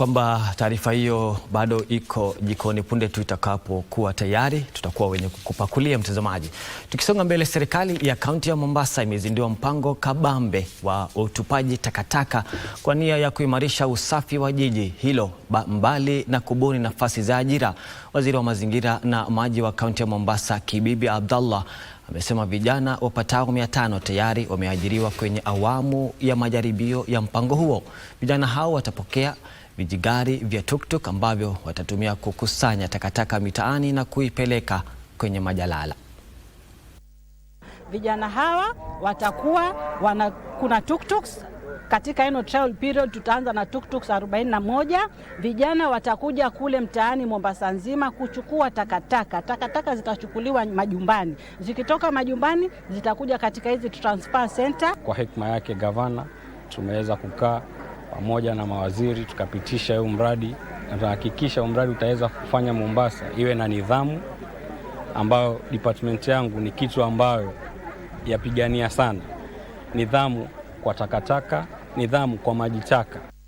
kwamba taarifa hiyo bado iko jikoni. Punde tu itakapokuwa tayari, tutakuwa wenye kukupakulia mtazamaji. Tukisonga mbele, serikali ya kaunti ya Mombasa imezindua mpango kabambe wa utupaji takataka kwa nia ya kuimarisha usafi wa jiji hilo, mbali na kubuni nafasi za ajira. Waziri wa mazingira na maji wa kaunti ya Mombasa Kibibi Abdallah amesema vijana wapatao tano tayari wameajiriwa kwenye awamu ya majaribio ya mpango huo. Vijana hao watapokea vijigari vya tuktuk ambavyo watatumia kukusanya takataka mitaani na kuipeleka kwenye majalala. Vijana hawa watakuwa wana, kuna tuktuks katika eno trial period tutaanza na tuktuk 41. Vijana watakuja kule mtaani Mombasa nzima kuchukua takataka. Takataka zitachukuliwa majumbani, zikitoka majumbani zitakuja katika hizi transfer center. Kwa hekima yake gavana, tumeweza kukaa pamoja na mawaziri tukapitisha huu mradi na tutahakikisha mradi utaweza kufanya Mombasa iwe na nidhamu, ambayo department yangu ni kitu ambayo yapigania sana, nidhamu kwa takataka, nidhamu kwa maji taka.